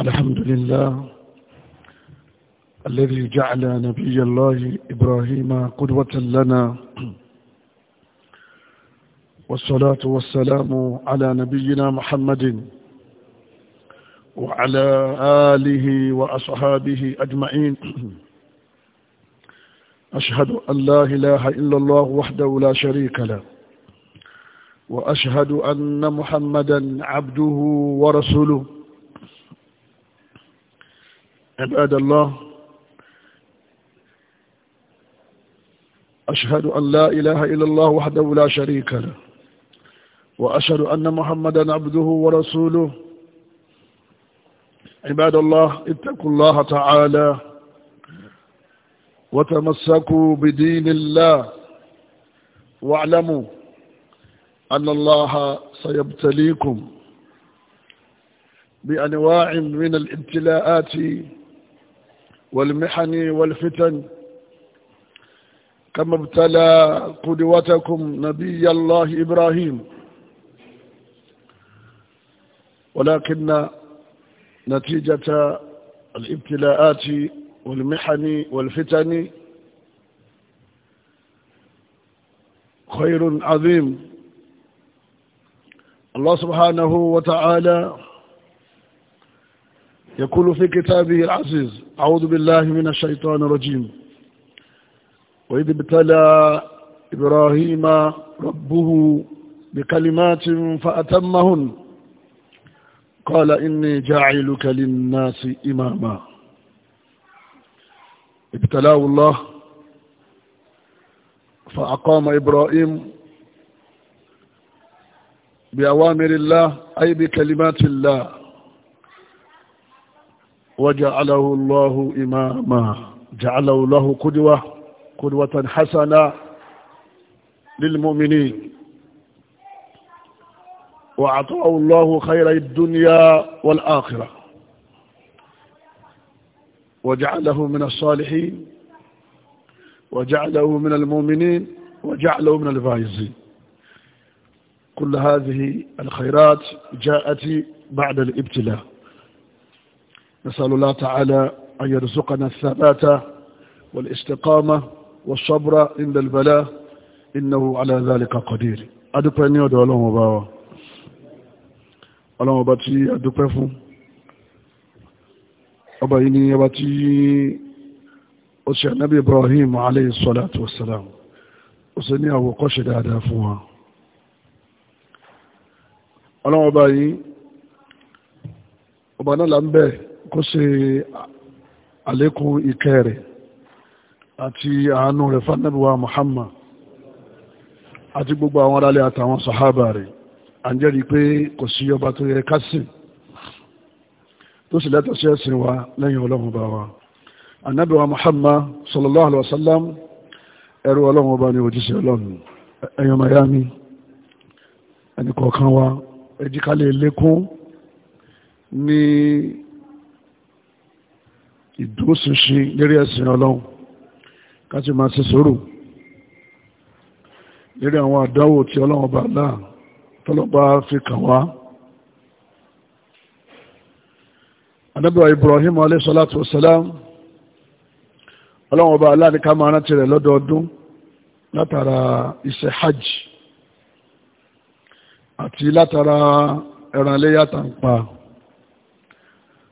الحمد لله الذي جعل نبي الله إبراهيم قدوة لنا والصلاة والسلام على نبينا محمد وعلى آله وأصحابه أجمعين أشهد أن لا إله إلا الله وحده لا شريك له وأشهد أن محمدا عبده ورسوله عباد الله أشهد أن لا إله إلا الله وحده لا شريك له وأشهد أن محمدا عبده ورسوله عباد الله اتقوا الله تعالى وتمسكوا بدين الله واعلموا أن الله سيبتليكم بأنواع من الابتلاءات والمحن والفتن كما ابتلى قدوتكم نبي الله إبراهيم ولكن نتيجة الابتلاءات والمحن والفتن خير عظيم الله سبحانه وتعالى يقول في كتابه العزيز أعوذ بالله من الشيطان الرجيم وإذ ابتلى إبراهيم ربه بكلمات فأتمهن قال إني جاعلك للناس إماما ابتلاه الله فأقام إبراهيم بأوامر الله أي بكلمات الله وجعله الله إماما جعله له قدوة قدوة حسنة للمؤمنين وأعطاه الله خير الدنيا والآخرة وجعله من الصالحين وجعله من المؤمنين وجعله من الفائزين كل هذه الخيرات جاءت بعد الابتلاء نسأل الله تعالى أن يرزقنا الثبات والاستقامة والصبر عند البلاء إنه على ذلك قدير adúpẹ́ ní ọ̀dọ̀ ọlọ́run ọba wa ọlọ́run ọba tí adúpẹ́ fún ọba yìí ni ọba tí ó ṣe ànábì Ibrahim alayhi salatu wassalam ó ṣe ní àwòkọ́ṣe dáadáa fún wa ọlọ́run ọba yìí ọba náà là ń bẹ́ẹ̀ kó ṣe àlékún ìkẹ́ rẹ̀ àti àánú rẹ̀ fánàbíwá Muhammad àti gbogbo àwọn aráalé àtàwọn sàhábà rẹ̀ à ń jẹ́rìí pé kò sí ọba tó yẹ ká tó sì lẹ́tọ̀ sí ẹ̀sìn wa lẹ́yìn ọlọ́run bá wa anábíwá Muhammad sallallahu alaihi wasallam ẹrú ọlọ́run ọba ni òjíṣẹ́ ọlọ́run ẹ̀yàn miami ẹnìkọ̀ọ̀kan wa ẹjíkálẹ̀ lékún ní ìdúróṣinṣin lérí ẹ̀sìn ọlọ́run ká sì máa ṣe sùúrù lérí àwọn àdáwò tí ọlọ́run bá náà tọ́lọ́bá fi kàn wá. anábìwá Ibrahim alayhi salatu wassalam ọlọ́run ọba aláàní ká máa rántí rẹ̀ lọ́dọọdún látara iṣẹ́ hajj àti látara ẹran léyàtà ń pa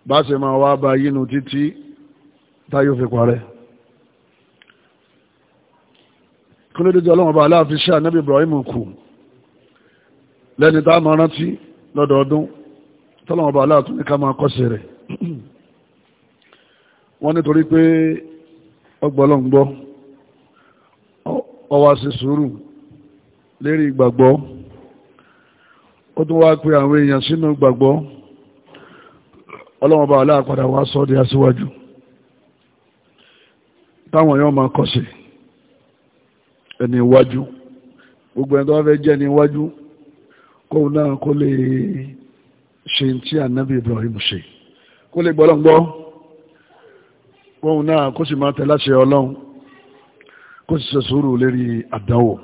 bá ṣe máa wá bá yínú títí táyọ̀ fi parẹ́ kí ló dédé ọlọ́run ọba aláàfin ṣe ànábì Ibrahim kù lẹ́ni tá a máa rántí lọ́dọọdún tọ́lọ́run ọba aláàtún ní ká máa kọ́sẹ̀ rẹ̀ wọ́n nítorí pé ọgbọ́lọ́ngbọ́ ọwá sí sùúrù lérí ìgbàgbọ́ ó tún wá pé àwọn èèyàn sínú ìgbàgbọ́ ọlọ́run ọba aláàpadà wá sọ́ di aṣíwájú táwọn èèyàn máa kọ̀ sí ẹni iwájú gbogbo ẹni tó wá fẹ́ jẹ́ ẹni iwájú kóun náà kó lè ṣe tí ànábì Ibrahim ṣe kó lè gbọ́lọ́ gbọ́ kóun náà kó sì máa tẹ̀ láṣẹ Ọlọ́run kó sì ṣe sùúrù lérí àdánwò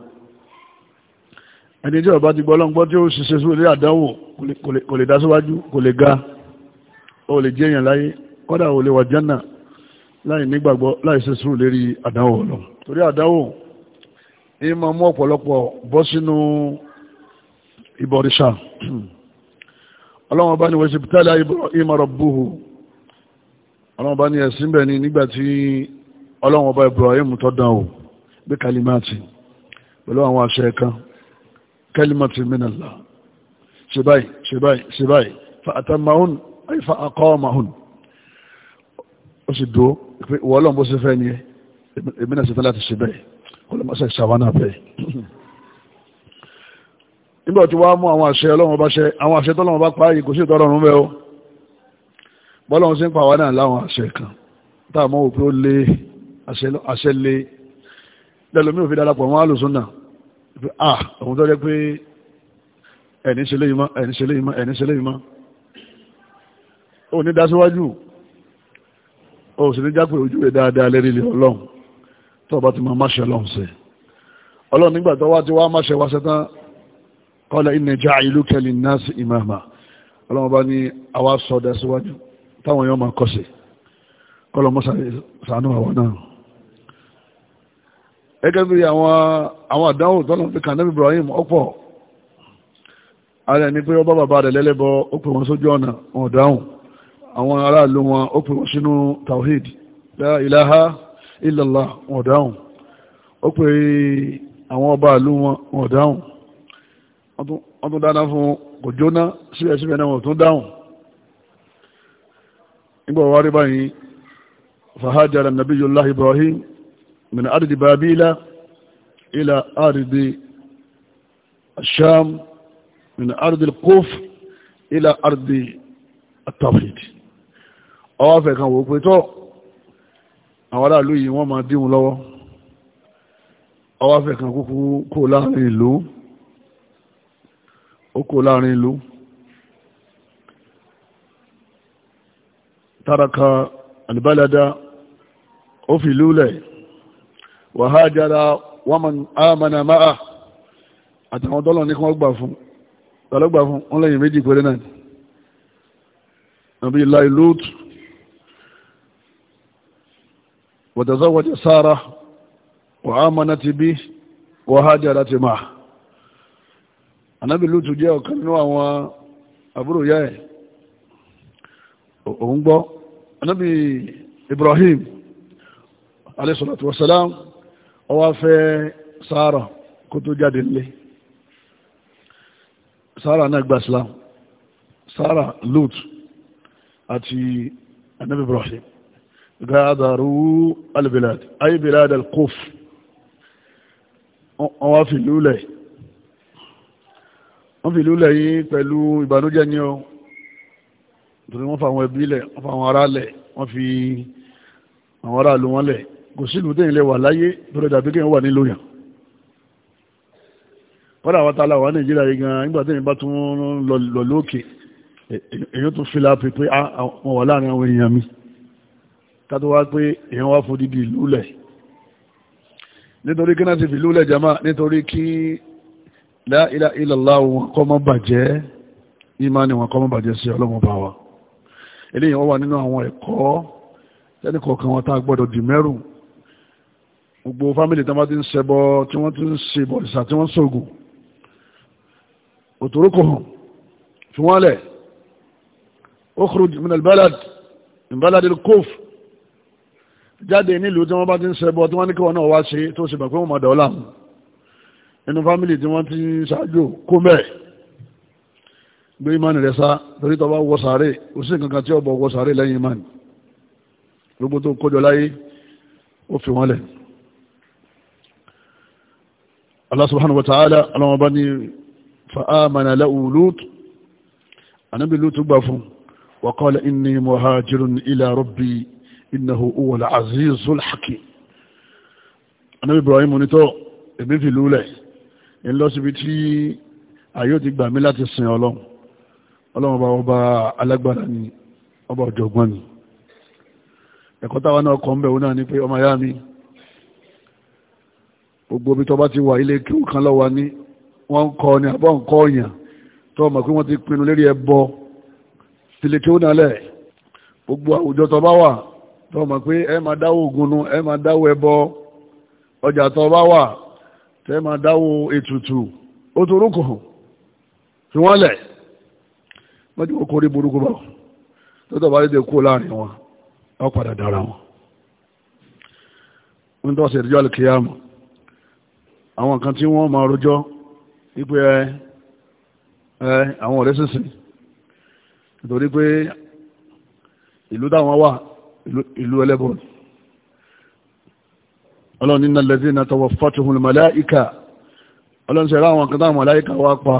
ẹni tí ọba ti gbọ́lọ́ gbọ́ tí ó sì ṣe sùúrù lérí àdánwò kò lè dá síwájú kò lè ga ó lè jẹ́ èèyàn láyé kódà ò lè wà jẹ́nà láì nígbàgbọ́ láì ṣe sùúrù lérí àdáwò lọ torí àdáwò èyí máa mú ọ̀pọ̀lọpọ̀ bọ́ sínú ìbọ̀rìṣà ọlọ́wọ́n bá ní wọ́n ṣe pítàlá ìmọ̀ràn búhù ọlọ́wọ́n bá ní ẹ̀sìn bẹ̀ ni nígbà tí ọlọ́wọ́n bá Ibrahim tó dán o bí kalimati pẹ̀lú àwọn àṣẹ kan kalimati minallah ṣe báyìí ṣe báyìí ṣe báyìí fa àtàmàhùn àìfà àkọ́ ọmàhùn ó sì dúró pé ìwọ ọlọ́run bó ṣe fẹ́ ni èmi náà ṣe fẹ́ láti ṣe bẹ́ẹ̀ ọlọ́mọṣẹ́ ṣàwánà bẹ́ẹ̀ nígbà tí wàá mú àwọn àṣẹ ọlọ́run bá ṣe àwọn àṣẹ tọ́lọ́run bá parí kò sí ìtọ́lọ́run bẹ́ẹ̀ o bọ́lọ́run sí ń pa àwa náà láwọn àṣẹ kan tá a mọ̀ wò pé ó lé àṣẹ lé lẹ́lọ́mí òfin darapọ̀ wọn àlùsùn náà pé à òun tó rẹ pé ẹ̀ní ṣe léyìí mọ́ ẹ̀ní ṣe léyìí mọ́ ẹ̀ní ṣe léyìí mọ́ o sì ní jápé ojú rẹ̀ dáadáa lérí ilé ọlọ́run tó bá ti máa máṣe ọlọ́run ṣe ọlọ́run nígbà tó wá ti wá máṣe wá ṣetán qala inna ja'iluka linnasi imama ọlọ́run bá ní àwa sọ̀dá síwájú táwọn yóò máa kọ́ sí kọ́lọ̀ mọ́sà sànú àwọn náà gẹ́gẹ́ bí àwọn àdánwò tọ́lọ̀ fi kàn Ibrahim ọ̀pọ̀ ara ẹni pé ọba bàbá rẹ̀ lẹ́lẹ́bọ ó pè wọ́n sójú ọ̀nà wọn dáhùn àwọn aráàlú wọn ó pè wọ́n sínú tawhid la ilaha illallah wọn dáhùn ó pè àwọn ọba ìlú wọn wọn dáhùn wọ́n tún dáná fún kò jóná síbẹ̀síbẹ̀ náà wọ́n tún dáhùn nígbà wá rí báyìí fahajara nabiyullah ibrahim min ardi babila ila ardi الشام من أرض الكوف إلى أرض التوحيد ọwọ́ fẹ̀ kan wò pé tó àwọn aráàlú yìí wọ́n máa díhun lọ́wọ́ ọwọ́ fẹ̀ kan kúkú kó láàrin ìlú ó kó láàrin ìlú tàràkà àlìbálẹ́dá ó fi lúlẹ̀ wàhájára wọ́n àmàna máa àtàwọn tọ́lọ̀ ní kan gbà fún tọ́lọ́gbà fún wọ́n méjì pẹ̀lẹ́ náà nàbí láì lóòtù وتزوج سارة وآمنت به وهاجرت معه Ànábì Lútù jẹ́ ọ̀kan nínú àwọn àbúrò ìyá ẹ̀ òun gbọ́ Ànábì Ibrahim alayhi salatu wassalam ó wá fẹ́ Sára kó tó jáde nílé Sára náà gba Islam Sára Lútù àti Ànábì Ibrahim gádàrú albilad ay bilad alkuf wọ́n wá fi lúlẹ̀ wọ́n fi lúlẹ̀ yìí pẹ̀lú ìbànújẹ́ ní ọ torí wọ́n fa àwọn ẹbí lẹ̀ wọ́n fa àwọn ará lẹ̀ wọ́n fi àwọn ará lò wọ́n lẹ̀ kò sí ìlú tẹ́yìn lẹ wà láyé torí dàbí kí ah, wọ́n wà nílò tàbí wá pé èèyàn wá fún dídí ìlú lẹ̀ nítorí kí náà ti fi ìlú lẹ̀ jama nítorí kí la ilaha illallah wọn kọ́ mọ́ bàjẹ́ ìmáni wọn kọ́ mọ́ bàjẹ́ sí ọlọ́mọba wa eléyìí wọ́n wà nínú àwọn ẹ̀kọ́ tẹ́lẹ̀ kọ̀ọ̀kan wọn tá a gbọ́dọ̀ dì mẹ́rù gbogbo fámìlì tán bá ti ń ṣẹbọ tí wọ́n ti ń ṣe bọ̀dìṣà tí wọ́n ṣògùn òtòrókò hàn fi wọ́n lẹ̀ ukhruj min albalad balad alkufr jáde nílùú tí wọ́n bá ti ń ṣẹbọ tí wọ́n ní kí wọ́n náà wá ṣe tó ṣe bàpẹ́ wọn mọ̀dọ̀ ọ̀la mu inú fámìlì tí wọ́n ti ń ṣáájú kó mẹ́ẹ̀ gbé ìmánì rẹ̀ sá torí tó bá wọ sàárè ó sì kankan tí ọ̀bọ̀ wọ sàárè lẹ́yìn ìmánì gbogbo tó kójọ láyé ó fi wọ́n lẹ̀ Allah subhanahu wa ta'ala bá ní fa'amana lahu Lut anábì Lut gbà fún wa qala innahu huwa al-azizul hakim anabi ibrahim onítọ́ èmi fi lúlẹ̀ ń lọ síbi tí ayé ti gbà mí láti sin ọlọ́run ọlọ́run ọba ọba alágbára ni ọba ọ̀jọ̀gbọ́n ni ẹ̀kọ́ táwa náà kọ́ ń bẹ̀ náà ni pé ọmọ ayá mi gbogbo ibi tó bá ti wà ilé kíw kan lọ́wọ́ ni wọ́n ń kọ́ ni àbọ̀ ń kọ́ ọ̀yàn tó mọ̀ pé wọ́n ti pinnu lérí ẹbọ tilẹ̀ kíw náà lẹ̀ gbogbo àwùjọ tó wà tó mọ̀ pé ẹ máa dáwó ògùnnú ẹ máa dáwó ẹbọ ọjà tó bá wà tẹ́ máa dáwó ètùtù ó torúkọ fi wọ́n lẹ̀ mọ́jú kó rí burúkú tó tọ́ bá kó láàrin wọn ọ padà dára wọn ń tọ́ sí ìdíjọ́ àwọn kan tí ìlú ẹlẹ́bọ̀ ọlọ́run ní nàlẹ́sí na tọwọ́ fàtihun màláìka ọlọ́run ṣe ráwọn kan táwọn màláìka wá pa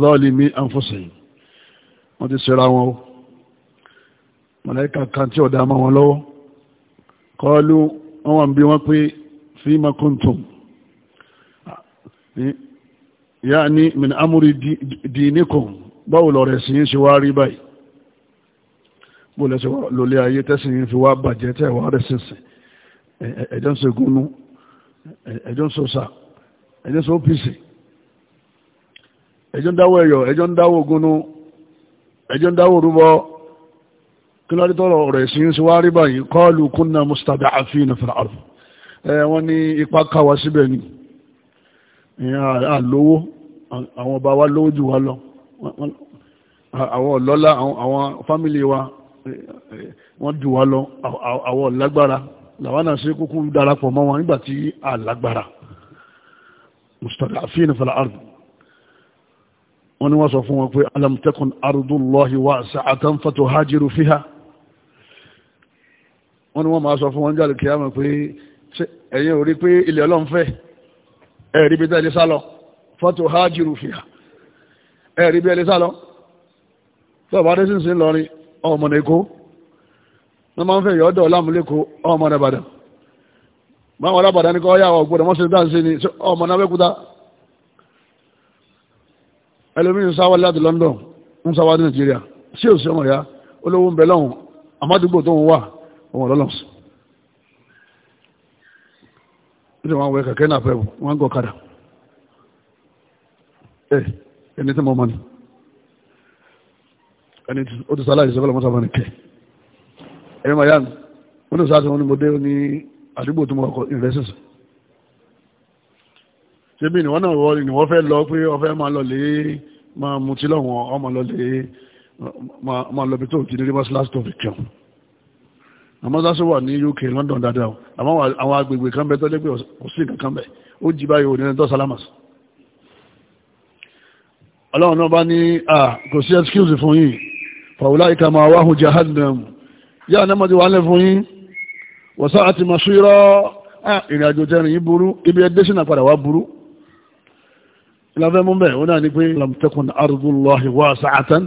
zalimi anfusihim wọ́n ti ṣe ráwọn o màláìka kan tí ọ̀dà máa wọn bó lẹ́sẹ̀ lólé ayé tẹ́sìn fi wá bàjẹ́ tẹ́ wà rẹ̀ sínsìn ẹ̀jọ́ ń so gúnú ẹ̀jọ́ ń so sà ẹ̀jọ́ ń so pìsì ẹ̀jọ́ ń dáwọ́ ẹ̀yọ̀ ẹ̀jọ́ ń dáwọ́ gúnú ẹ̀jọ́ ń dáwọ́ rúbọ kí ló dé tọrọ ọ̀rọ̀ ẹ̀sìn sí wá rí báyìí qalu kunna mustada'afina fil ard wọ́n ní ipa káwa síbẹ̀ ni àlówó àwọn ọba wa lówó jù wá lọ àwọn ọlọ́lá àwọn fámìlì wa wọ́n jù wá lọ àwọ̀ lágbára làwọn náà ṣe kúkú darapọ̀ mọ́ wọn nígbà tí a lágbára mustada'afin fil ard wọ́n ni wọ́n sọ fún wọn pé alam takun ardullahi wasi'atan fatuhajiru fiha wọ́n ni wọ́n máa sọ fún wọn jáde kìí pé ẹ̀yin ò pé ilẹ̀ ọlọ́run ẹ̀rí bí tẹ́lẹ̀ sálọ fatuhajiru fiha ẹ̀rí bí ẹ̀lẹ́ sálọ tọ́ọ̀bá dé sí ń sin ọmọdé kó wọ́n máa ń fẹ́ yọ̀ọ́dọ̀ ọlámúlẹ́kọ̀ ọmọdé bàdàn báwọn alábàdàn ní kọ́ yà wọ́n gbọ́dọ̀ mọ́sẹ̀ dáhùn sí ni ọmọdé abẹ́kúta ẹlòmíì ń sáwá láti London ń sáwá ní Nàìjíríà sí òsì ọmọ ìyá olówó ń bẹ lọ́hùn àmádùgbò tó ń wà ọmọ lọ́lọ́sùn ẹni tí mo mọ ni ẹni ó ti sálà ìṣẹ́fẹ́ lọ́mọ́sá fún ẹnìkẹ́ ẹ̀yẹ́ máa yá mi wọ́n ní sáà tí wọ́n ní mo dé ní àdúgbò tó mọ ọkọ̀ ìrẹsìsì ṣé bí ìwọ́n náà wọ́n ni wọ́n fẹ́ lọ pé ọfẹ́ máa lọ lé máa mutí lọ́wọ́n ọmọ lọ lé máa lọ bí tó ti ní rí mọ́sálásí tó fi kẹ́hùn àmọ́sáṣọ́ wà ní UK London dáadáa àmọ́ àwọn agbègbè kan bẹ tọ́jú pé òsì kankan bẹ ó jí báyìí òní ẹ̀ńtọ́ salamas ọlọ́run náà bá ní kò sí excuse fún yìí فأولئك ما واه جهنم يا نمد وعلفه وساعة مصيرا ìrìn àjò tẹ́rin yìí burú ibi ẹdẹ́ sínà padà wá burú ìlàfẹ́ mú bẹ́ẹ̀ onáà ní pé lamtẹ́kùn ardullahi wá sàátán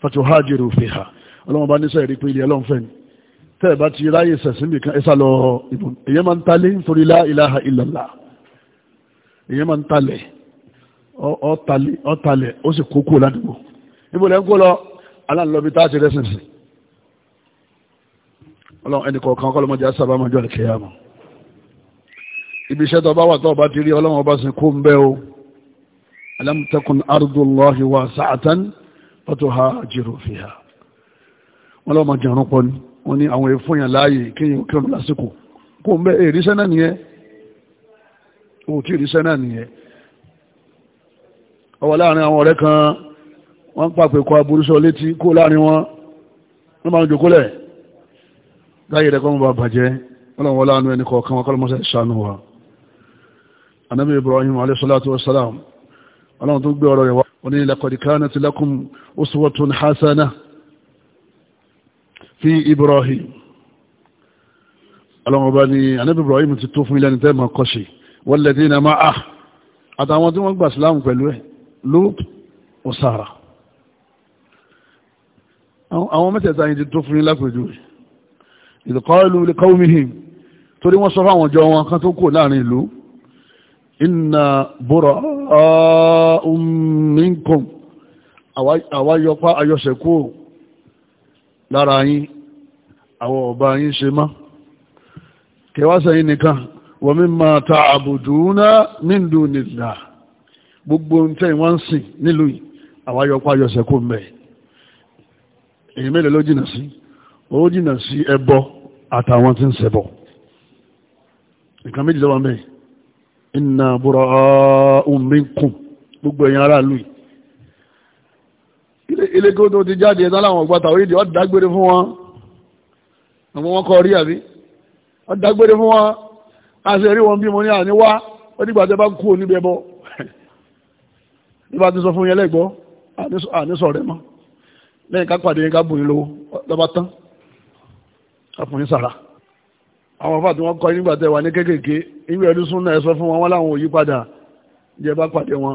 fatuhajiru fiha ọlọ́mọba níṣẹ́ ìrí pé ilẹ̀ ọlọ́mfẹ́ ni tẹ́ẹ̀ bá ti ráyè sẹ̀sìn nìkan ẹ̀sà lọ ìbùn èyẹ máa ń talé nítorí la ilaha illallah èyẹ máa ń talẹ̀ ó talẹ̀ ó sì kókó ládùúgbò ibùdó ẹ̀ ń kó lọ aláǹlọ́bí tá a ti rẹ́sìn sí ọlọ́run ẹnì kọ̀ọ̀kan kọ́ lọ́mọdé àṣà bá máa jọ àlùkè yá mọ́ ibi iṣẹ́ tó bá wà tó bá ti rí ọlọ́run ọba sì kó ń bẹ́ o alam takun ardullahi wasi'atan fatuhajiru fiha wọn lọ́mọ jẹun pọ̀ ni wọn ní àwọn èèfóyàn láàyè kéèyàn kírun lásìkò kó ń bẹ́ èríṣẹ́ náà nìyẹn òtí èríṣẹ́ náà nìyẹn ọwọ́ láàrin àwọn ọ̀rẹ́ kan wọ́n ń pàpè kọ aburúsọ létí kó láàrin wọn wọ́n máa ń jòkólẹ̀ láyé rẹ̀ kọ́ mọ́ bá bàjẹ́ ọlọ́wọ́ láàánú ẹni kọ̀ọ̀kan wọn kọ́lọ́mọ́sẹ̀ ṣàánú wa anábì ibrahim aleyhisalatu wasalam ọlọ́run tó gbé ọ̀rọ̀ rẹ̀ wá wọ́n ní laqad kanat lakum hasana fi ibrahim ọlọ́run bá ní anábì ibrahim ti tó fún ilẹ̀ ní tẹ́ẹ̀mà kọ́ṣe walladhina ma'ah àwọn mẹ́tẹ̀ẹ̀ta yìí ti tó fún yín lápèjú ìdíkọ́lù qawmihim Tori wọ́n sọ fáwọn ọjọ́ wọn kan tó kò láàrin ìlú inna bura'a'un minkum àwáyọpá ayọ́sẹ̀kú lára yín àwọn ọba yín ṣe má kẹwàásẹ̀ yín nìkan wa gbogbo ń tẹ́ ìwọ́n sìn nílùú àwáyọpá ayọ́sẹ̀kú èyí mélòó ló jìnà sí ó jìnà sí ẹbọ àtàwọn tí ń ṣẹbọ nǹkan méjì lọ́wọ́ mẹ́rin inna bura'a'un minkum gbogbo ẹ̀yin aráàlú yìí ilé kí ó tó ti jáde ẹ̀dá láwọn ọgbàtà orílẹ̀ ó dágbére fún wọn àwọn wọn kọ rí àbí ó dágbére fún wọn a ṣe rí wọn bí mo ní àní wá ó dìgbà tẹ bá kú ò níbẹ̀ bọ́ nígbà tí sọ fún yẹn lẹ́gbọ́ àníṣọ̀ rẹ̀ mọ́ lẹ́yìn ká pàdé yín ká bù yín lówó lọ́ba tán ọkùnrin sàrà àwọn afá tí wọ́n kọ́ nígbà tẹ́ wà ní kéékèèké ìwé ẹ̀dùn sún náà ẹ sọ fún wọn wọn láwọn ò yí padà jẹ bá pàdé wọn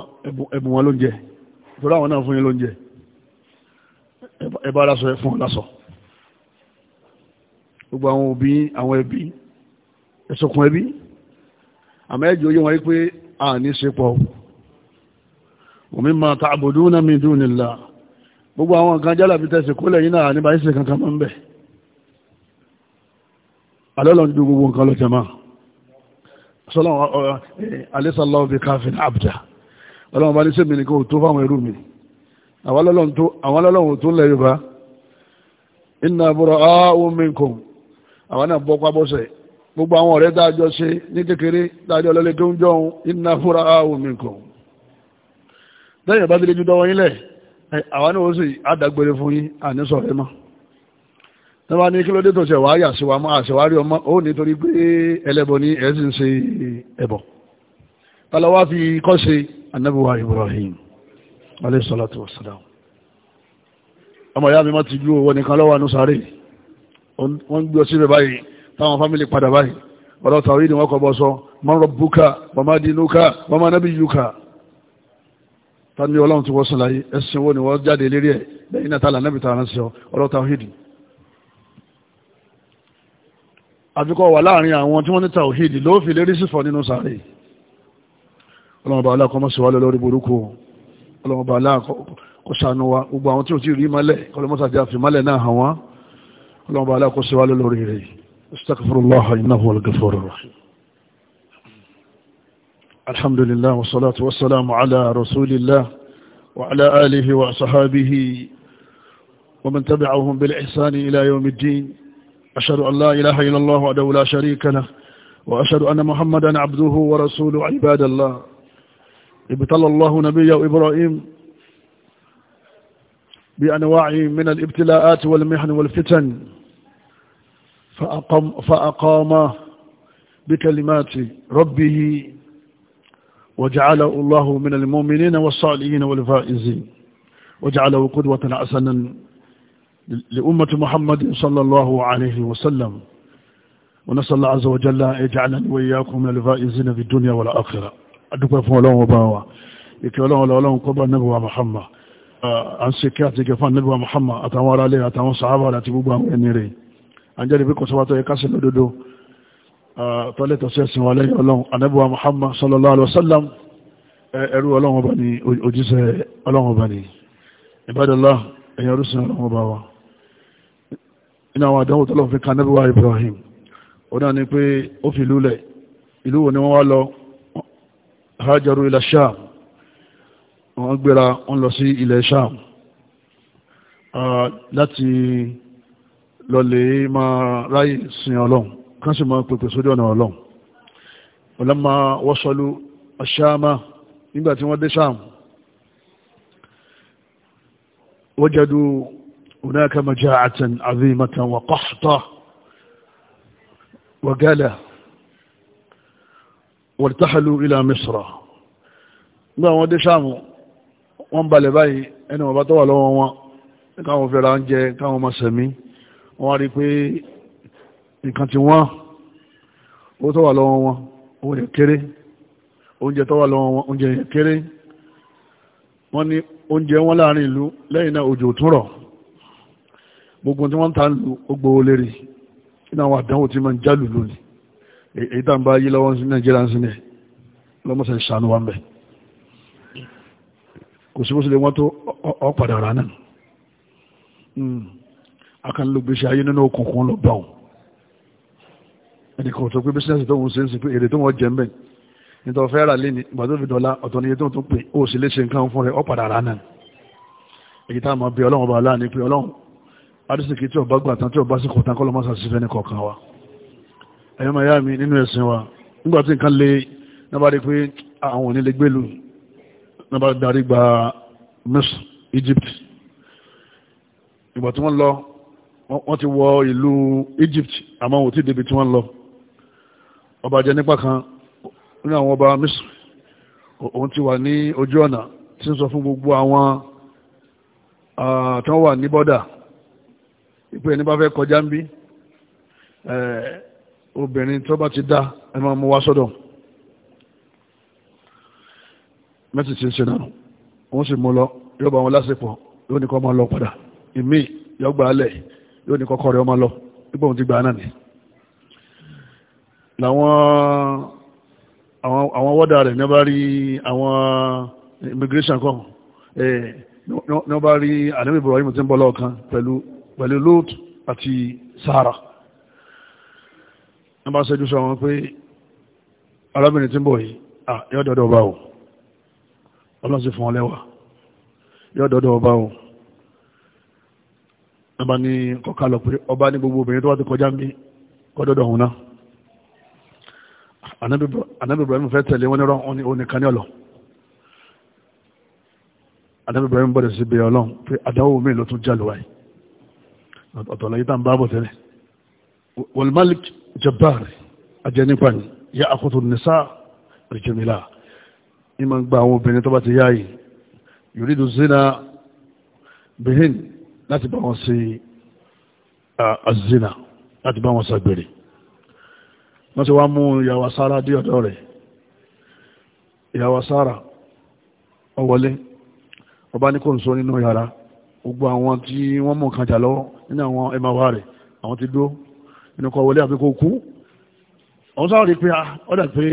ẹ̀bùn wọn lóúnjẹ ìtura àwọn náà fún yín lóúnjẹ ẹ bá aláṣọ lásọ gbogbo àwọn òbí àwọn ẹbí ẹ̀sọ̀kùn ẹbí àmọ́ ẹ̀jẹ̀ oyé wọn rí pé a ṣe pọ̀ òmí máa ta àbòdú náà mi dùn nílá gbogbo àwọn nǹkan jálàbí tẹ́sì kólẹ̀ yìí náà nípa ìṣẹ́ kankan mọ́ ń bẹ̀ alọ́lọ́ ju gbogbo nǹkan lọ jẹma alẹ́sàlọ́wọ́ bí káfíń abdá ọlọ́wọ́ bá ní sẹ́mi nìkan tó fáwọn ẹrú mi àwọn alọ́lọ́wọ́ tó lẹ́ yorùbá iná àbúrò áwọn mìíràn àwọn náà bọ́ pábọ́sẹ̀ gbogbo àwọn ọ̀rẹ́ dájọ́ ṣe bá délé dọ́wọ́ yín àwọn náà ó sì àdágbére fún yín àníṣọ̀rẹ́ mọ́ tọ́ba ní kí ló dé tó ṣe wáyà síwá mọ́ àṣewárí ọmọ ó nítorí pé ẹlẹ́bọ ní ẹ̀ sì ń ṣe fi kọ́ ṣe Ànábì Ibrahim alayhi salatu wassalam ọmọ ìyá mi má ti ju owó nìkan lọ́wọ́ àánú sáré wọ́n ń ni wọ́n kọ́ bọ́ sọ dinuka wa ma nabiyuka tani ọlọ́run ti wọ́n sọ láyé ẹ̀sìn owó ni wọ́n jáde lérí ẹ̀ lẹ́yìn náà tààlà nẹ́bìtà ránṣẹ́ ọlọ́ta òhìdì àfikọ́ wà láàrin àwọn tí wọ́n ní tàòhìdì ló fi lérí sífọ́ nínú sàárè ọlọ́mọba aláàkọ́mọ́sí wà lórí burúkú ọlọ́mọba aláàkọ́sánú wa gbogbo àwọn tí ò tí rí mọ́lẹ̀ kọlọmọ́sàdé àfi mọ́lẹ̀ náà hàn wá ọlọ́mọba aláàkọ́sí wà lórí rẹ̀ astaghfirullah الحمد لله والصلاة والسلام على رسول الله وعلى آله وصحابه ومن تبعهم بالإحسان إلى يوم الدين أشهد أن لا إله إلا الله وحده لا شريك له وأشهد أن محمدا عبده ورسوله عباد الله ابتلى الله نبيه إبراهيم بأنواع من الابتلاءات والمحن والفتن فأقام, فأقام بكلمات ربه وجعله الله من المؤمنين والصالحين والفائزين وجعله قدوة حسنا لأمة محمد صلى الله عليه وسلم ونسأل الله عز وجل يجعلني وإياكم من الفائزين في الدنيا والآخرة أدوك فولون وباوا يكولون ولون قبل نبوة محمد عن سكات جفان نبوة محمد أتوار عليه أتوار صحابة لا تبوبها من النيرين أنجلي بكم سباتة يكاسل ودودو tọ́lẹ́tọ̀ sẹ́sìn wa lẹ́yìn ọlọ́run anábíwá muhammad sallallahu alaihi wasallam ẹrú ọlọ́run ọba ni òjíṣẹ́ ọlọ́run ọba ni ibadallah ẹ̀yàn orísun ọlọ́run ọba wa iná àwọn àdánwò tọ́lọ́run fi kan anábíwá ibrahim ó náà ni pé ó fi ìlú lẹ̀ ìlú wo ni wọ́n wá lọ hajaru ila sham wọ́n gbéra wọ́n lọ sí ilẹ̀ sham láti lọ lè máa ráyè sin ọlọ́run kan sì máa pèpè sójú ọ̀nà ọlọ́run ọlọ́mà wọ́sọlú ọ̀ṣáàmá nígbàtí wọ́n dé sáàmù wajadu hunaka maja'atan azimatan wa qahta wa gala wartahalu ila misra nígbà wọ́n dé sáàmù wọ́n balẹ̀ báyìí ẹni wọ́n bá tọ́wà lọ́wọ́ wọn káwọn fẹ́ra ń jẹ káwọn máa sẹ̀mí wọ́n rí pé nǹkan tí wọ́n ó tọ́wà lọ́wọ́ wọn òun yẹ kéré oúnjẹ tọ́wà lọ́wọ́ wọn oúnjẹ yẹ kéré wọ́n ní oúnjẹ wọn láàrin ìlú lẹ́yìn náà òjò tún rọ̀ gbogbo tí wọ́n ń ta ń lu ogbó olérí nínú àwọn àdánwò tí máa ń jálù lónìí èyí tá ń bá yí lọ́wọ́ sí nàìjíríà ń sinmi lọ́mọ́sẹ̀ ṣàánú wa ń bẹ̀ kò sí bó sílé wọ́n tó ọ̀padà rà náà hmm. akànlógbèsè ayé nínú òkùnkùn lọ́gbàùn ẹnìkan tó pé bísíǹsì tó wù sí sí pé èrè tó wọ́n jẹ ń bẹ̀ nítorí fẹ́ rà lẹ́ni ìgbà tó fi dọ̀la ọ̀tọ̀ ni tó tún pè ó sì lè ṣe nǹkan fún rẹ ó padà rà náà èyí tá a máa bí ọlọ́run ọba aláàánú pé ọlọ́run adísìkì tí ọba gbà tán tí ọba sì kọ̀ tán kọ́ lọ́mọ́ sàṣì fẹ́ ní kọ̀ọ̀kan wa ẹ̀yọ́ máa yá mi nínú ẹ̀sìn wa nígbà tí nǹkan le nígbà rí pé àwọn òní lè gbélu nígbà darí gba Misr Egypt ìgbà tí wọ́n lọ wọ́n ti wọ ìlú Egypt àmọ́ òtí débi tí wọ́n lọ ọba jẹ nípa kan nínú àwọn ọba Misri òun ti wà ní ojú ọ̀nà tí ń sọ fún gbogbo àwọn tán wà ní bọ́dà ìpè ẹni bá fẹ́ kọjá ń bí obìnrin tó bá ti dá ẹ máa mú wá sọ́dọ̀ mẹ́tì ti ń ṣe náà òun sì mú lọ yóò bá wọn lásìpọ̀ yóò ní kọ́ máa lọ padà ìmíì yọgbà alẹ̀ yóò ní kọ́kọ́ rẹ̀ ọmọ lọ ipò òun ti gbà náà ni làwọn àwọn wọ́dà rẹ̀ ní bá rí àwọn immigration kan ní bá rí ànábì Ibrahim tí ń bọ́ lọ́ọ̀kan pẹ̀lú Lot àti Sara ní bá ṣẹ́jú sọ wọn pé arábìnrin tí ń bọ̀ yìí yọ́ dọ́dọ̀ ọba o ọlọ́sí fún ọlẹ́wà yọ́ dọ́dọ̀ ọba o ní bá ní kọ́kálọ̀ pé ọba ní gbogbo obìnrin tó wá ti kọjá ń bí kọ́dọ̀dọ̀ ọ̀hún náà anabi ibrahim fẹ́ tẹ̀lé wọn nírọ̀ oníkan ní ọ̀lọ́ anabi ibrahim bọ̀dẹ̀ sí bẹ̀rẹ̀ ọlọ́run pé adáwò mi ló tún já lùwà yìí ọ̀tọ̀lọ́ yìí tá n bá bọ̀ tẹ́lẹ̀ wọlmalik jabbar ajẹ́nipa ni ya akoto nisa rìjìmìlá ní ma ń gba àwọn obìnrin tó bá ti yá yìí yuridu zina bihin láti bá wọn sí azina láti bá wọn ṣàgbèrè wọ́n ti wá mú ìyàwó sára dí ọ̀dọ́ rẹ̀ ìyàwó sára ọwọlé ọba ní kò ń sọ nínú yàrá gbogbo àwọn tí wọ́n mú nǹkan jà lọ́wọ́ nínú àwọn ẹmàwà rẹ̀ àwọn ti dúró nínú kọ wọlé àbíkó kú àwọn sáà rí pé ọdà ah, pé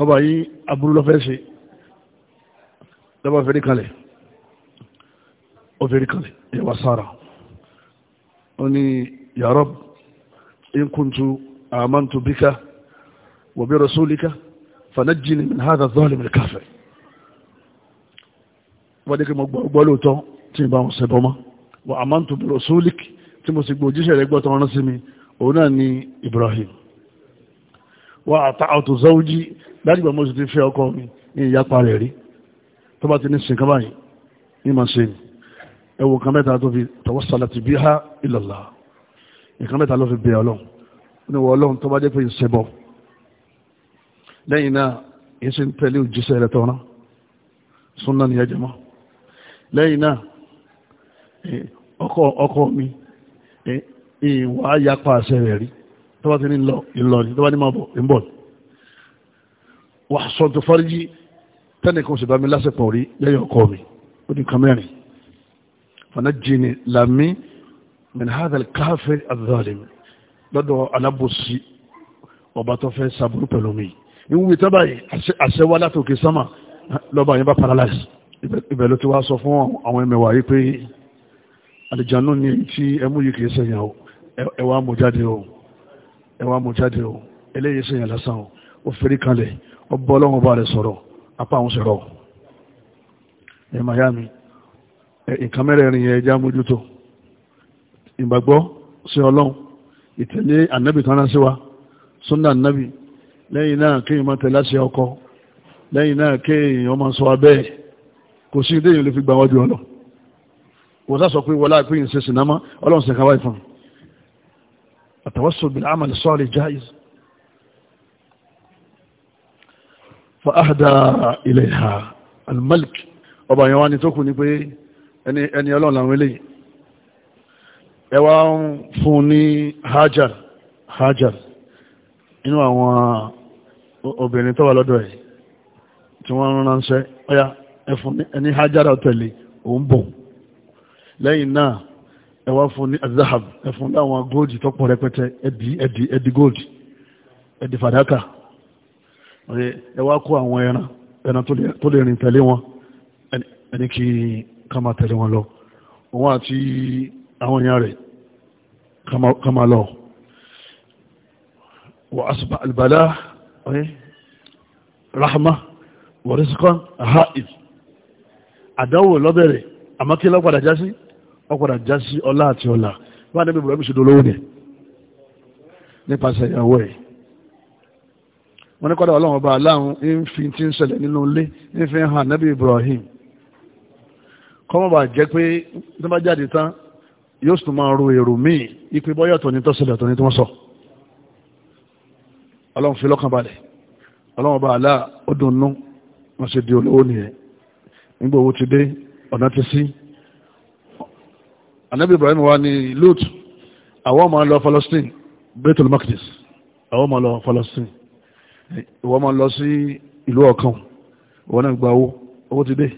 ọba yìí aburú lọ́fẹ́ ṣe lọ́ba fẹ́rí kalẹ̀ ó kalẹ̀ ìyàwó sára ó ní ya Rabb in amantu bika wa bi rasulika fanajjini min hadha adh-dhalim al-kafir wọ́n dẹ́kẹ́ mọ́ gbọ́ lóòótọ́ tí ìbá wọn ṣẹbọ́ mọ́ wa amantu bi rasulika tí mo sì gbọ́ òjíṣẹ́ rẹ̀ gbọ́ tán rán sí mi òun náà ni Ibrahim wa ata'atu zawji dájúgbà mo sì ti fẹ́ ọkọ mi ní ìyapa rẹ̀ rí tó bá ti ní sìnkán báyìí ní màá ṣe ni ẹwọ kan mẹ́ta tó fi tawassalat biha ila Allah ìkan mẹ́ta ló fi bẹ̀ Ọlọ́run ní wọ́n ọlọ́run tó bá jẹ́ pé ń ṣẹbọ lẹ́yìn náà èyí sì ń tẹ̀lé òjíṣẹ́ rẹ̀ tọ́ná súnà ní ẹjẹ mọ́ lẹ́yìn náà eh, ọkọ ọkọ mi eh, ìwà ayapa àṣẹ rẹ̀ rí tó bá ti ní ìlọrin tó bá ní máa bọ̀ ń bọ̀ wà sọ̀tò fáríjì tẹ́nìkan sì bá mi lásìkò rí lẹ́yìn ọkọ mi ó di kan mẹ́rin fanajjini lami min hadha al-kafir lọ́dọ̀ alábòsí ọba tó fẹ́ sàbúrú pẹ̀lú mi ìwúwe tábà àṣẹwá látòkè sámà lọ́ba yẹn bá paralyze ibẹ̀ ló ti wá sọ fún àwọn ẹmẹ̀wà yìí pé àlìjánu ni tí ẹmú yìí kìí sẹ̀yìn o ẹwà mú jáde o ẹwà mú jáde o eléyìí sẹ̀yìn lásán o ó fẹ́rí kanlẹ̀ ó bọ́ ọlọ́run ọba rẹ̀ sọ̀rọ̀ apá àwọn sọ̀rọ̀ ẹ̀ miami nǹkan mẹ́rẹ̀ẹ̀rin yẹn ẹja mójútó ìgbàgbọ́ sí ọlọ́run ìtẹ̀lé ànábì tó ránṣẹ́ wa súnà ànábì lẹ́yìn náà kí èèyàn máa tẹ̀lé àṣẹ ọkọ lẹ́yìn náà kí èèyàn máa sọ abẹ́ kò sí ilé èèyàn lè fi gba wájú ọlọ wọ́n sá sọ pé wọlá pé ìṣe sinamá ọlọ́run sì kàwáì fún àtàwọ́sọ bìlá àmàlẹ̀ sọ́ọ̀lì jáìz fa áhàdà ilẹ̀ ìhà almalik ọba yẹn wá ní tó kù ní pé ẹni ọlọ́run làwọn eléyìí ẹ wá ń fún ní hajar hajar inú àwọn obìnrin tó wà lọ́dọ̀ ẹ̀ tí wọ́n ń ránṣẹ́ ọya ẹ hajar ọ̀tẹ̀lẹ̀ òun bò lẹ́yìn náà ẹ wá fún ní azahab ẹ fún láwọn góòdì tó pọ̀ rẹpẹtẹ ẹdì ẹdì ẹdì góòdì ẹdì fàdákà ẹ wá kó àwọn ẹran ẹran tó lè rìn tẹ̀lé wọn ẹni kí ká máa tẹ̀lé wọn lọ òun àti àwọn èèyàn rẹ̀ kama lọ wa asba rahma wa rizqan ha'id àdáwò lọ́bẹ̀rẹ̀ àmọ́kí lọ́pàdà jásí ọpàdà jásí ọlá àti ọlá wà níbi ìbúrẹ́mí ṣe dolówó nẹ̀ nípasẹ̀ ìyàwó ẹ̀ wọ́n ní kọ́dà ọlọ́run ọba aláhùn tí ń nínú ilé hàn Ibrahim kọ́mọ̀bà jẹ́ pé tó bá jáde yóò sì máa ro èrò míì ipe bọ́yọ̀ tó ní tó sílẹ̀ tó ní tó wọ́n sọ ọlọ́run fi lọ́kàn balẹ̀ ọlọ́run bá àlá ó dùnnú wọ́n sì di olówó nìyẹn nígbà owó ti dé ọ̀nà ti sí anabi ibrahim wa ni lut àwọn máa lọ Palestine Baitul Maqdis àwọn máa lọ Palestine ìwọ́n máa lọ sí ìlú ọ̀kan wọ́n náà gba owó owó ti dé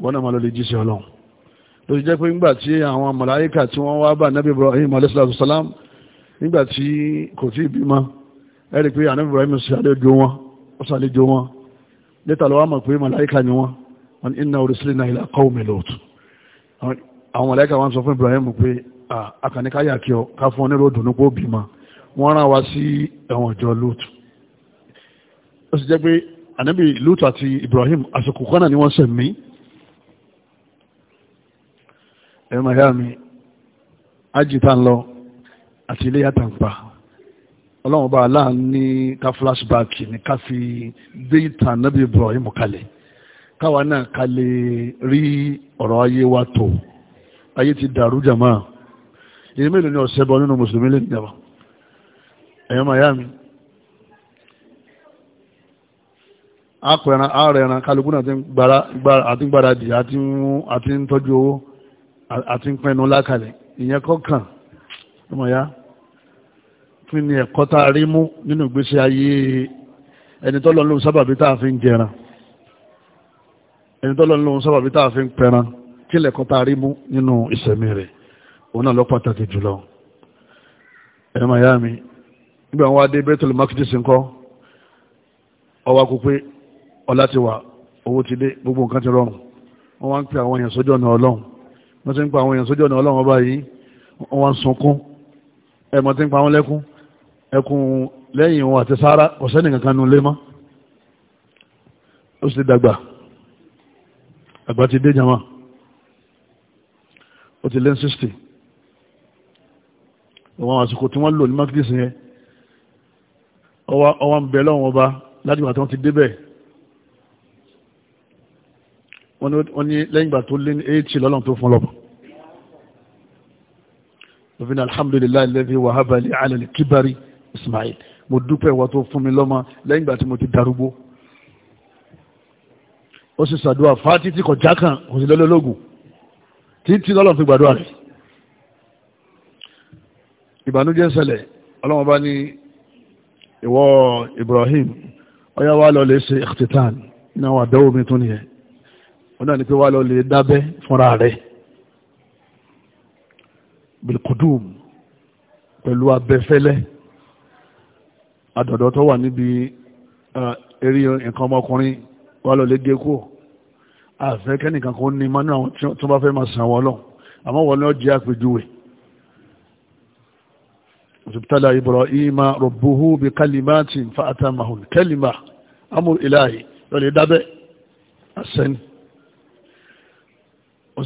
wọ́n náà máa lọ lè jíṣẹ́ ọlọ́run ló jẹ́ pé nígbà tí àwọn màláíkà tí wọ́n wá bá nábì Ibrahim alayhi salam nígbà tí kò tí bímọ ẹ̀rí pé ànábì Ibrahim sì àlejò wọn ó sàlejò wọn lẹ́tà lọ́wọ́ mọ̀ pé màláíkà ni wọn wọn inna ursilna ila qaumi Lut àwọn màláíkà wọn sọ fún Ibrahim pé àkànníkáyà kí ọ ká fún ọ nílò dùnú pé ó bímọ wọ́n rán wa sí ẹ̀wọ̀n ìjọ Lut ó sì jẹ́ pé ànábì Ibrahim àsìkò kan ni wọ́n sẹ̀mí ẹ̀rọ ya ajita ń àti ilé yàtà ọlọ́run bá aláà flashback ní ká fi gbé ìtàn bụ Ibrahim kalẹ̀ káwa náà ká lè rí ọ̀rọ̀ ayé wa tó ayé ti dàrú jàmá èyí mélòó ni ọ̀sẹ̀ nínú mùsùlùmí lè jàmá ẹ̀yọ́ yá mi ẹran kálukú náà àti gbára àti ń tọ́jú owó àti ń pẹnu lákàlẹ̀ ìyẹn kọ́ kàn ọmọ ya kí ni ẹ̀kọ́ tá a rí mú nínú ìgbésí ayé ẹni tọ́lọ́ lóhun sábàbí tá a fi ń jẹran ẹni tọ́lọ́ lóhun sábàbí tá a fi ń pẹran kí lẹ̀kọ́ tá a rí mú nínú ìsẹ̀mí rẹ̀ òun náà lọ pàtàkì jùlọ ẹ̀ máa mi nígbà wọn wá dé Baitul Maqdis ńkọ́ ọwọ́ kó pé ọlá ti wà owó ti dé gbogbo nǹkan ti rọrùn wọ́n wá ń pè àwọn èèyàn sójú ọ̀nà ọlọ́run wọ́n ti ń pa àwọn èèyàn sójú ọ̀nà ọlọ́run ọba yìí wọ́n wá ń sunkún ẹ̀mọ́ ti ń pa àwọn lẹ́kún ẹkùn lẹ́yìn òun àti sára ọ̀sẹ́nì kankan nu lé mọ́ ó sì dàgbà àgbà ti dé jama ó ti lé 60 àwọn àsìkò tí wọ́n lò ní mákìtìsì yẹn ọwọ́ ń bẹ lọ́wọ́n ọba láti wà tí wọ́n ti débẹ̀ wọ́n ní lẹ́yìn ìgbà tó lé ní eighty lọ́lọ́run tó fún lọ́pọ̀ òfin alhamdulilayi lẹ́fi wàhábàlì alẹ́lẹ́ kíbari Ismail mo dúpẹ́ wọ́n tó fún mi lọ́mọ lẹ́yìn ìgbà tí mo ti darúgbó ó sì ṣàdúrà fáti tí kọjá kan kò sí lọ́lọ́lọ́gùn títí lọ́lọ́run fi gbàdúrà rẹ̀ ìbànújẹ́ ń ọlọ́wọ́n bá ní ìwọ Ibrahim ọyá wa lọ lè ṣe ìkìtìtàn náà wà dánwò mi tún nìyẹn ó náà ni pé wá lọ lè dábẹ́ fúnra rẹ̀ bilkudum pẹ̀lú abẹ́fẹ́lẹ́ àdọ̀dọ̀ tó wà níbi eré nǹkan ọmọkùnrin wá lọ lè gé kú àfẹ́ kẹ́nìkan kó ní mánú àwọn tó bá fẹ́ máa sàn wọ́n lọ àmọ́ wọ́n ní ọjẹ́ àpèjúwe òsìpítàlá Ibrahima rabbuhu bí kalimatin fa atamahun kẹ́lìmá amúr ilahi lọ lè dábẹ́ àṣẹ́ni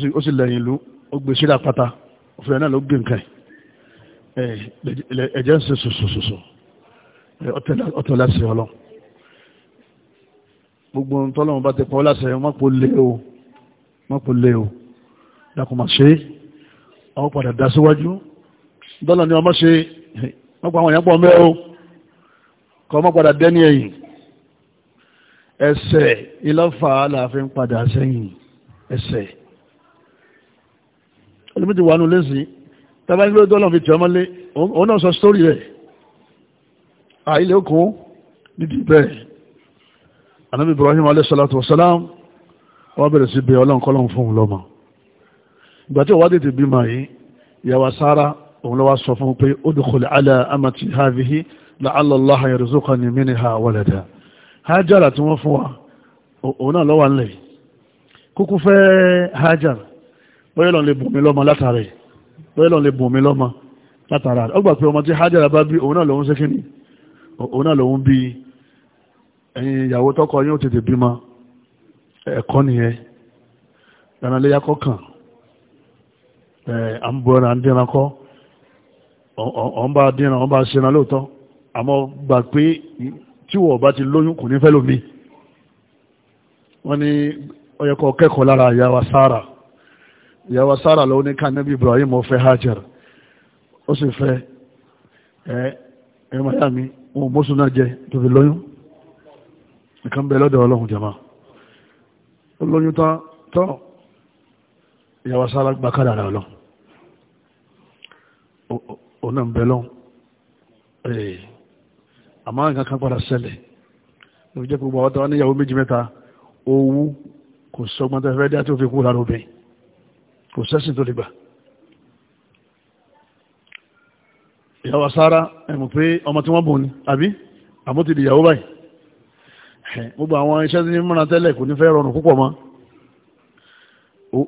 ó sì lẹ́yìn ìlú ó gbé sílẹ̀ pátá òfin náà ló gbé nǹkan ẹ̀jẹ̀ ń ṣe sòsòsòsò ọ̀tọ̀ láti ọlọ́ gbogbo tọ́lọ́mù bá ti pọ̀ láti ẹ̀ mọ́pò lé o mọ́pò lé o dàkùnmà ṣe ọ padà dá síwájú dọ́là ni ọmọ ṣe mọ́pò àwọn èèyàn pọ̀ mẹ́ o kọ́ mọ́ padà dẹ́ni ẹ̀yìn ẹsẹ̀ ilọ́fà láàfin padà sẹ́yìn ẹsẹ̀ ẹlòmí ti wà nù lẹ́sìn tàbí nílò dọ́là fi tẹ̀ ọmọ lé òun náà sọ sítórì rẹ̀ àìlè okùn nídìí bẹ́ẹ̀ anabi ibrahim alayhi salatu wasalam wọ́n bẹ̀rẹ̀ sí bẹ̀ ọlọ́run kọ́lọ́run fún un lọ́mọ ìgbà tí òwádìí ti bímọ yìí ìyàwó sára òun lọ́wọ́ sọ fún un pé udkhul ala amati hadhihi la'alla allaha yarzuqani minha walada hajara tí wọ́n fún wa òun náà lọ́wọ́ nílẹ̀ kúkú fẹ́ hajara bóyá lè bùn mí lọ́mọ ẹ̀ bóyá lè bùn mí lọ́mọ látara ọmọ tí Hajara bá bí òun náà lòun ṣe kíni òun náà lòun bí ẹ̀yin ìyàwó tọkọ yóò tètè bímọ ẹ̀kọ́ nìyẹn ìrànlẹ́yà ọ̀n bá ọ̀n bá àmọ́ gbà pé tí wọ́n bá ti lóyún kò ní fẹ́ lómi wọ́n ni kẹ́kọ̀ọ́ lára Sára ìyàwó sára ló ní ká Ibrahim ó fẹ́ Hajar ó sì fẹ́ ẹ ẹ mọ́yá mi òun mọ́sùn náà jẹ tó lóyún nǹkan bẹ lọ́dọ̀ ọlọ́run jama ó lóyún tán tán ìyàwó sára gba kádà rẹ̀ lọ òun náà ń bẹ lọ àmọ́ nǹkan kan padà ṣẹlẹ̀ ló fi jẹ́ gbogbo àwọn tó wá níyàwó méjì mẹ́ta owó kò sọgbọ́n tó fẹ́ dá tó fi kú lára obìnrin kò sẹ́sìn tó lè gbà ìyàwó sára ẹ̀mù pé ọmọ tí wọ́n bùn ni àbí àmọ́ ti dìyàwó báyìí gbogbo àwọn iṣẹ́ tí ní mọ́ra tẹ́lẹ̀ kò ní fẹ́ rọrùn púpọ̀ mọ́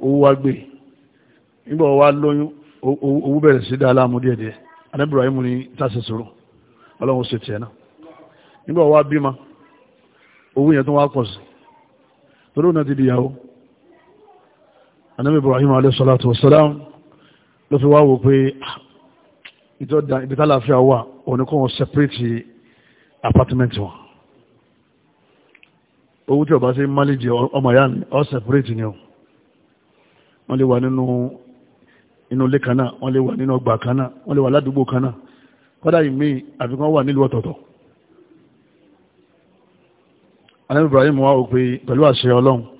owó wa gbé nígbà wa lóyún owó bẹ̀rẹ̀ sí dáa láàmú díẹ̀díẹ̀ anábìrìwáyìmù ni tàṣẹ sọ̀rọ̀ ọlọ́run ṣe tiẹ̀ náà nígbà wa bímọ owó yẹn tó wá pọ̀ sí torí òun náà ti dìyàwó anábì ibrahim aleyhisalatu wasalam ló fi wá wò pé ah, ìjọdá ibi tálàáfíà wà òun kò wọ́n separate apartment wọn owó tí ọba ṣe manage ọmọ ìyá ni ọ separate ni o wọ́n lè wà nínú inú ilé kan náà lè wà nínú ọgbà kan náà lè wà ládùúgbò kan kọ́dà ìmí àfikún wà nílùú ọ̀tọ̀ọ̀tọ̀ anábì ibrahim wá wò pé pẹ̀lú àṣẹ ọlọ́run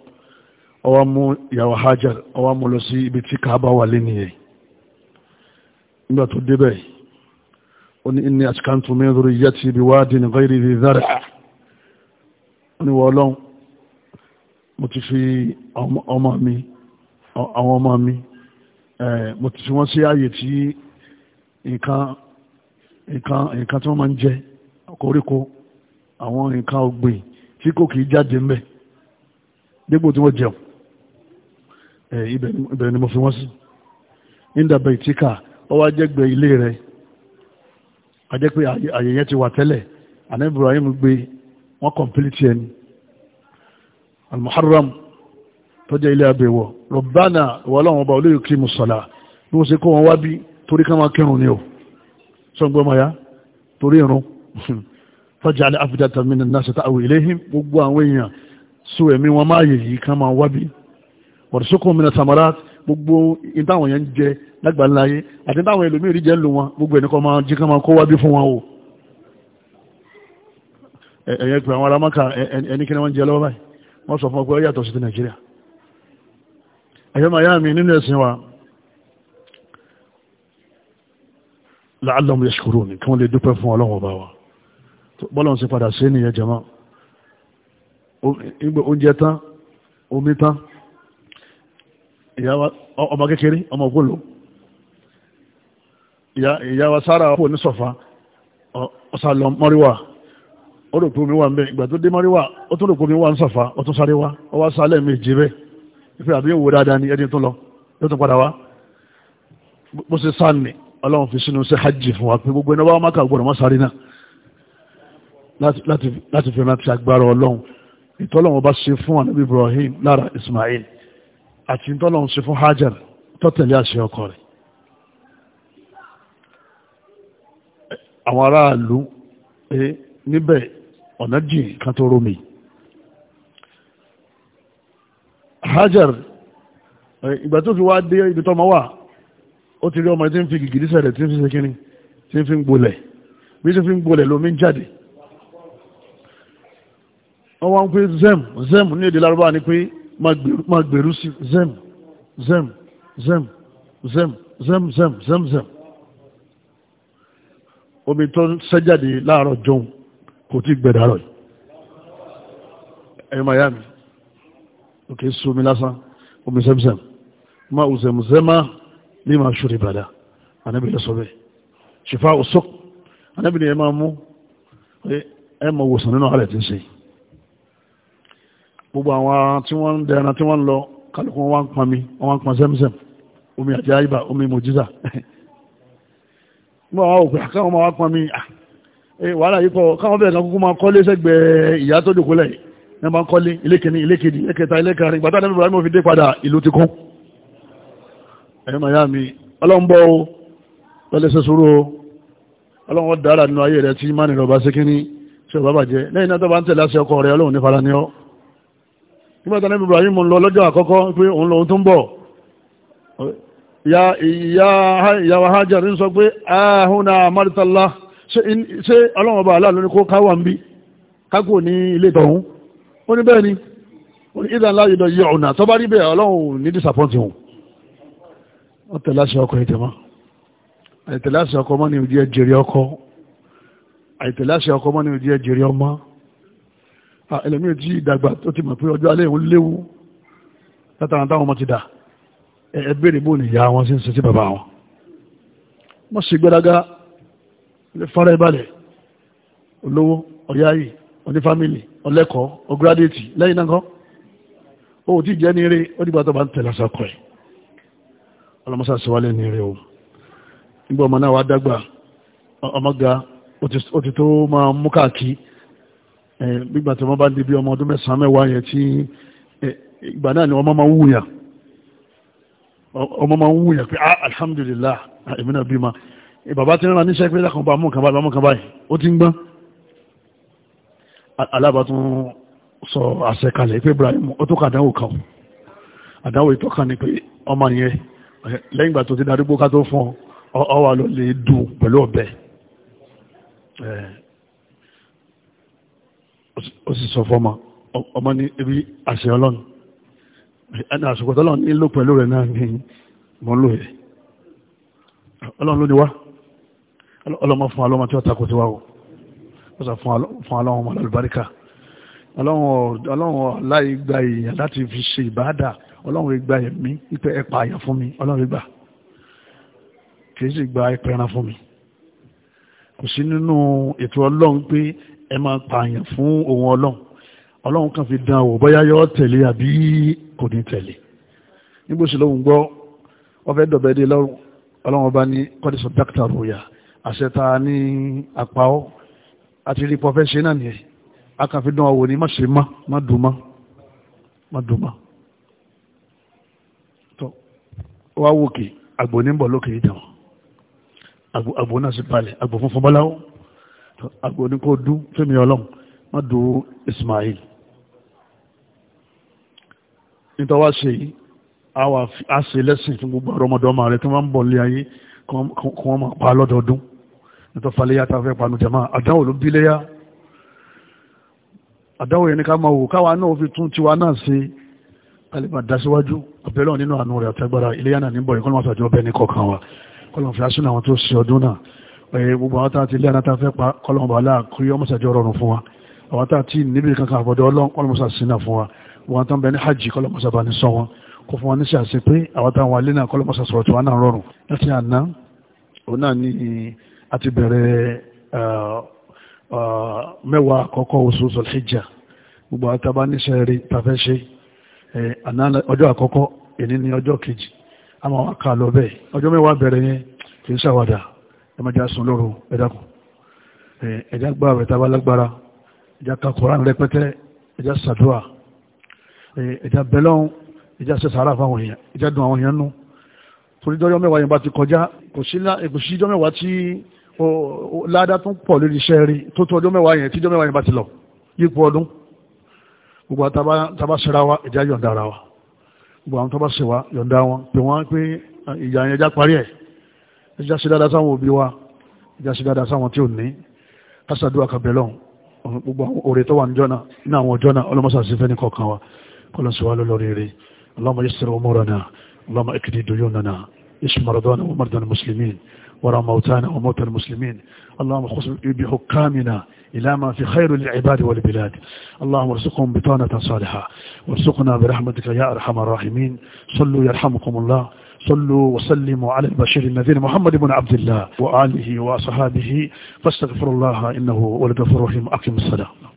ọwọ́ mú ìyàwó hajar ọwọ́ mú lọ sí ibi tí kaaba wà lé nìyẹn nígbà tó débẹ̀ ó ní inni askantu min dhurriyyati biwadin ghayri dhi zar'a ó ní wọ́n lọ́n mo ti fi ọmọ mi àwọn ọmọ mi mo ti fi wọ́n sí ààyè tí nǹkan nǹkan tí wọ́n máa ń jẹ koríko àwọn nǹkan ọ̀gbìn tí kò kì í jáde ńbẹ̀ dípò tí wọ́n jẹun ibẹ̀ ni mo fi wọ́n sí nídàbẹ̀ ìtíkà ó wá jẹ́gbẹ̀ ilé rẹ̀ ajẹ́ pé àyè yẹn ti wà tẹ́lẹ̀ àná Ibrahim gbé wọ́n kọ̀mpilítì ẹni al-muharram tó jẹ́ ilé abẹ́wọ̀ rọ̀bánà wọ́lọ́wọ́n ọba olóyè kí mu sọ̀lá bí wọ́n ṣe kó wọn wá bí torí ká máa kírun ni o sọ́ngbọ́n maya torí irun fọ́jà alẹ́ afidata mi nà ṣe ta àwọn iléhìn gbogbo àwọn èèyàn sọ ẹ̀mí wọn máa yẹ̀ yìí ká máa wá bí wọ̀rọ̀sọ́kọ̀ mi na samarat, gbogbo ìtàwọn yẹn ń jẹ lágbàláyé àti ìtàwọn ẹlòmíì rí jẹ́ ń lò wọn gbogbo ẹnìkan máa jí kan máa kó wábí fún wọn o ẹ̀yẹ pé àwọn aramaka ẹni kí ni wọ́n jẹ lọ́wọ́ báyìí wọ́n sọ fún ọgbẹ́ yàtọ̀ sí ti nàìjíríà ẹ̀yọ́ máa mi nínú ẹ̀sìn wa láàlọ́mù yẹ́ṣkúrú ni kí wọ́n lè dúpẹ́ fún ọlọ́wọ́ bá wa bọ́lọ̀n sí padà sí ènìyàn jẹ́mọ́ ọmọ kékeré ọmọ ògbólò ìyá wa sára ọkọ̀ ní sọ̀fà ọ̀sà lọ mọ́ríwá ó rò pé omi wà ń bẹ ìgbà tó dé mọ́ríwá ó tún rò pé omi wà ń sọ̀fà ó tún sáré wá ó wá sálẹ̀ méje bẹ́ẹ̀ ìfẹ́ àbí ìwò dáadáa ni ẹni tó lọ yóò tún padà wá bó ṣe sáà nì ọlọ́run fi sínú ṣe hajj fún wa pé gbogbo ẹni wá máka gbọ́dọ̀ mọ́ sáré náà láti fi rántí agbára ọlọ́run ìtọ́lọ́run ọba ṣe fún ànábì Ibrahim lára Ismail àti tọ́lọ́run ṣe fún Hajar tọ́tẹ̀lé àṣẹ ọkọ rẹ̀ àwọn aráàlú eh, níbẹ̀ ọ̀nà jìn kan tó rómi Hajar eh, ìgbà tó fi wá dé ibi tọ́mọ wà ó ti rí ọmọ tí ń fi gìgìdí sẹ̀rẹ̀ tí ń fi ṣe kínní tí ń fi ń gbolẹ̀ bí tí ń fi ń gbolẹ̀ lómi ń jáde wọ́n wá ń pè zem zem ní èdè lárúbáwá ni pé máa gbèrú sí zem zem zem zem zem zem zem zem omi tó ń sẹ́jáde láàárọ̀ jọun kò tí gbẹ̀dàrọ̀ yìí ẹ̀yọ́ miami òkè sómi lásán omi zemzem ma ò zemzema ní ma ṣúrí bàdá anábìlẹ̀ sọ bẹ́ẹ̀ ṣìfà òsók anábìlẹ̀ ẹ máa mú ẹ máa wòsàn nínú ààrẹ tí ń ṣe yìí gbogbo àwọn tí wọ́n ń dẹran tí wọ́n ń lọ kálukú wọn wá ń pọn mi wọn wá ń pọn sẹ́mísẹ́m omi àti àyíbá omi mòjísà nígbà wọn ò káwọn máa wá pọn mi ah, eh, wàhálà yìí pọ̀ káwọn bẹ̀rẹ̀ kan kúkú máa kọ́lé sẹ́gbẹ̀ẹ́ ìyá tó jòkó lẹ̀ ní máa ń kọ́lé ilé kìíní ilé kejì ilé kẹta ilé kẹrin gbàtà ní Ibrahim fi dé padà ìlú ti kún ẹ̀yọ́ màyá mi ọlọ́mbọ́ o lọ́lẹ́sẹ̀ sóró o ọlọ́wọ́ nígbàtà náà Ibrahim lọ lọ́jọ́ àkọ́kọ́ pé òun lọ tó ń bọ̀ ìyàwó Hajar ń sọ pé ahùnà amárítàlá ṣe ọlọ́wọ̀n bá aláàlú ní kó káwà ń bí kákò ní ilé tọ̀hún ó ní bẹ́ẹ̀ ni ìdánlá ìdọ̀ yẹ ọ̀nà tó rí bẹ́ẹ̀ ọlọ́run ní ni ìdí ẹ̀jẹ̀rẹ̀ ọkọ̀ àìtẹ̀lá ni ìdí ẹ̀jẹ̀rẹ̀ Ah, ẹlòmíì tí ìdàgbà tó ti mọ̀ pé ọjọ́ alẹ́ ìwọ̀n léwu látara táwọn ọmọ ti dà ẹ béèrè bóun ìyá wọn sí ń ṣe sí bàbá wọn wọ́n sì gbẹ́dágá fara ìbalẹ̀ olówó ọ̀yáyì onífámìlì ọlẹ́kọ̀ọ́ ọgúrádẹ́ẹ̀tì lẹ́yìn náà kọ́ ó ti jẹ́ ní eré ó dìgbà tó ń tẹ̀lé àṣàkọ̀ ẹ̀ ọlọ́mọṣà síwálẹ̀ ní eré o nígbà ọmọ náà wá dàgbà ọmọ ga ó ti tó máa mú káàkiri gbígbà tí wọ́n bá di bí ọmọ ọdún mẹ́sàn-án mẹ́wàá yẹn tí ìgbà náà ni ọmọ máa ń wúyà ọmọ máa ń wúyà pé ah, alhamdulillah ah, èmi náà bímọ bàbá tí ń ra níṣẹ́ pé lákan bá mú kan báyìí kan báyìí ó ti ń gbọ́n alábàtún sọ àṣẹ kalẹ̀ pé Ibrahim ó tó kà àdánwò kan àdánwò ìtọ́kan ni pé ọmọ yẹn lẹ́yìn ìgbà tó ti darúgbó ká tó fún ọ wà ló lè dùn pẹ̀lú ọ̀bẹ ó sì sọ fọ́mọ ọmọ ní ibi àṣẹ ọlọ́run ẹni àsìkò tọ́lọ́run nílò pẹ̀lú rẹ̀ náà ní mọ́ ń lò ọlọ́run ló ní wá ọlọ́mọ fún alọ́mọ tí ó takò tí wá o ó sọ fún alọ́run ọmọ alùbáríkà ọlọ́run láì gba èèyàn láti fi ṣe ìbáàdà ọlọ́run gba ẹ̀mí ipe ẹ̀pà àyàn fún mi ọlọ́run gbà kì í sì gba ẹ̀pẹ̀ran fún mi kò sí nínú ètò ọlọ́run pé ẹ máa pààyàn fún ohun ọlọ́run ọlọ́run kan fi dán wò bóyá yọ tẹ̀lé àbí kò ní tẹ̀lé nígbò sí lóhun gbọ́ wọ́n fẹ́ dọ̀bẹ̀ dé lọ́rùn ọlọ́run ọba ní kọ́dísọ̀ dákítà ròyà àṣẹ ta ní àpáọ́ àti rí pọ́fẹ́ ṣe náà nìyẹn a kàn fi dán wò ní má ṣe má má dùn má má dùn má tó wá wòkè àgbò ní bọ̀ lókè ìdàn àgbò náà sì balẹ̀ àgbò funfun bọ́láwọ́ àgbò ní kó dú fẹ́mi ọlọ́run má du Ismail nítorí wá ṣe yìí a ṣe lẹ́sìn fún gbogbo ọmọdọ́mọ rẹ tí wọ́n ń bọ̀ lé ayé kí wọ́n máa pa lọ́dọọdún nítorí falẹ́yà tá a fẹ́ panu jẹ̀mọ́ àdáwò ló bí léyà àdáwò yẹn ni ká máa wò káwa náà fi tún tiwa náà ṣe kálíbà dásíwájú ọ̀bẹ̀rẹ̀ nínú àánú rẹ̀ àtẹ́gbára iléyà náà níbọ̀ yìí kọ́lọ́mọ́sàjọ́ bẹ́ẹ̀ ní kọ̀ọ̀kan wa kọ́lọ́mọ́fẹ́ asúnà àwọn tó ṣe ọdún náà gbogbo àwọn tàà ti lẹ́nà tàà fẹ́ pa kọlọmọba aláàkúrí ọmọsàjọ́ rọrùn fún wa àwọn tàà tí níbi kankan àbọ̀dọ̀ ọlọ́run kọlọmọsà sínà fún wa wọn tán bẹ ní hajj kọlọmọsà bá ní sọ wọn kò fún wa ní sí àṣẹ pé àwọn tàà wà lẹ́nà kọlọmọsà sọ̀rọ̀ tí wọn náà rọrùn láti àná òun náà ni a ti bẹ̀rẹ̀ mẹ́wàá àkọ́kọ́ oṣù sọ̀lẹ́jà gbogbo àwọn tàbá níṣẹ́ rí tàfẹ́ ṣe ẹmọjá sùn lóru ẹ̀dàkùn ẹ̀dá gbà rẹ̀ tàbá lágbára ẹ̀dá kakùnrán rẹpẹtẹ ẹ̀dá sàdúrà ẹ̀dá bẹ̀lọ́n ẹ̀dá sẹ̀sàrà fáwọn èèyàn ẹ̀dá dùn àwọn èèyàn nú torí dọ́jọ́ mẹ́wàá yẹn bá ti kọjá kò sí dọ́jọ́ mẹ́wàá tí ládá tún pọ̀ lórí iṣẹ́ rí tó tó ọjọ́ mẹ́wàá yẹn tí dọ́jọ́ mẹ́wàá yẹn bá ti lọ yípo ọdún gbogbo àtàbá sẹ́ra wa ẹ̀dá yọ̀ǹda ara wa gbogbo àwọn tó bá sẹ́wà yọ̀ǹda wọn pé wọ́n pé ìyà yẹn já parí ẹ̀ ẹjá sí dáadáa sáwọn òbí wa ẹjá sí dáadáa sáwọn tí ò ní kásàdúrà kàbẹ̀lọ́n gbogbo òrè tó wà ní jọ́nà ní àwọn jọ́nà ọlọ́mọsàsí fẹ́ ní kọ̀ọ̀kan wa kọlọ́síwá lọ́lọ́rí rẹ̀ اللهم يسر أمورنا اللهم اكد ديوننا اشف مرضانا ومرضى المسلمين ورى موتانا وموتى المسلمين اللهم خص بحكامنا إلى ما في خير للعباد والبلاد اللهم ارزقهم بطانة صالحة وارزقنا برحمتك يا أرحم الراحمين صلوا يرحمكم الله صلوا وسلموا على البشير النذير محمد بن عبد الله وآله وصحابه فاستغفر الله إنه ولد فرحيم أقم الصلاة